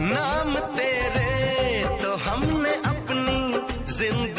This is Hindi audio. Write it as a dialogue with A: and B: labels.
A: नाम तेरे तो हमने अपनी जिंदगी